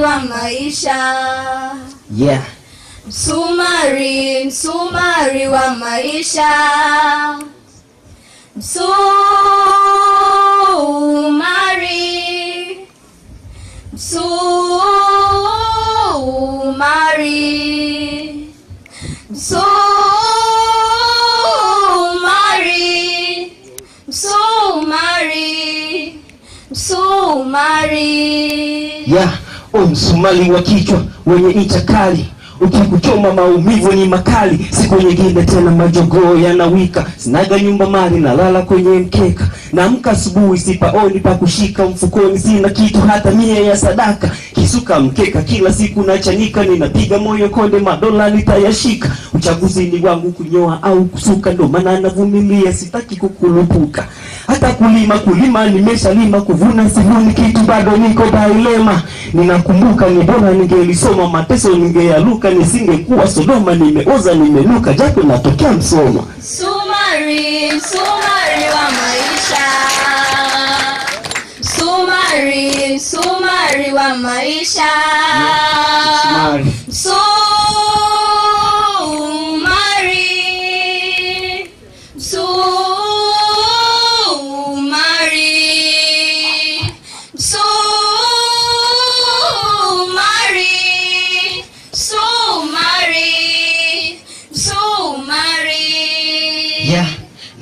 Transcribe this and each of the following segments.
Yeah. wa maisha yeah. Msumari, msumari wa maisha, msumari, msumari, msumari, msumari, msumari. Yeah. O msumali wa kichwa wenye ncha kali, ukikuchoma maumivu ni makali. Siku nyingine tena majogoo yanawika, sinaga nyumba mali, nalala kwenye mkeka, namka asubuhi sipaoni pakushika mfukoni sina kitu hata mia ya sadaka nikisuka mkeka kila siku nachanika, ninapiga moyo konde, madola nitayashika. Uchaguzi ni wangu kunyoa au kusuka, ndo maana navumilia, sitaki kukulupuka. Hata kulima kulima nimeshalima, kuvuna sivuni kitu, bado niko dilema. Ninakumbuka ni bora ningelisoma, mateso ningeyaluka, nisingekuwa Sodoma. Nimeoza nimenuka, japo natokea Msoma. Sumari, Sumari wa maisha, Sumari, Sumari msumari wa maisha msumari.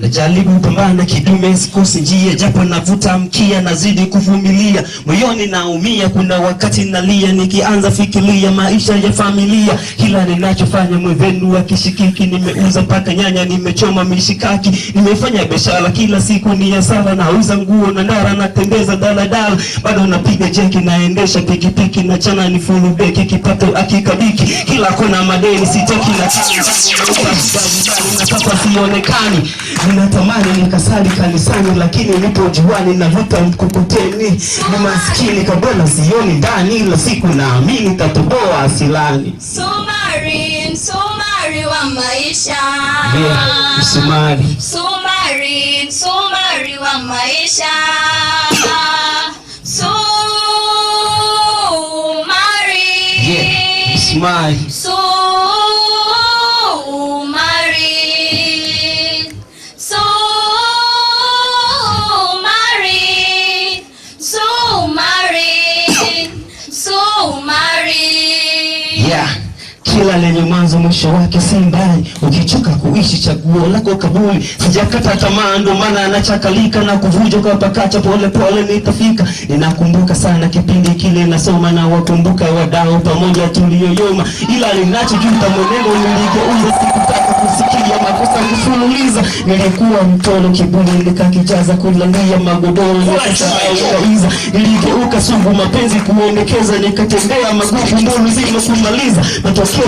Najaribu pambana kidume, sikosi njia, japo navuta mkia, nazidi kuvumilia, moyoni naumia, kuna wakati nalia, nikianza fikiria maisha ya familia. Kila ninachofanya mwenzenu akishikiki, nimeuza mpaka nyanya, nimechoma mishikaki, nimefanya biashara, kila siku ni hasara, nauza nguo na ndara, natembeza daladala, bado napiga jeki, naendesha pikipiki, na chana ni furubeki, kipato akikabiki, kila kona madeni, sitaki na sionekani ninatamani nikasali kanisani, lakini nipo juani navuta mkukuteni, ni maskini kabona sioni ndani, ila siku naamini tatoboa asilani. Sumari, sumari wa maisha yeah, sumari. Sumari, sumari wa maisha Sumari. Yeah, sumari. Sumari. Kila lenye mwanzo mwisho wake si mbali, ukichoka kuishi chaguo lako kabuli. Sijakata tamaa, ndo maana anachakalika na kuvunja kwa pakacha, pole pole nitafika. Ninakumbuka sana kipindi kile nasoma na wakumbuka wadau pamoja tulioyoma, ila linachojuta mwenendo niligeuza, sikutaka kusikia makosa kufululiza. Nilikuwa mtolo kibuli nikakijaza kulalia magodoro nikaiza, nilikeuka sungu mapenzi kuonekeza nikatembea magufu ndo mzima kumaliza matokeo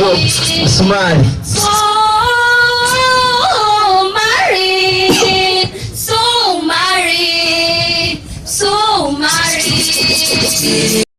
Smile. So married, so so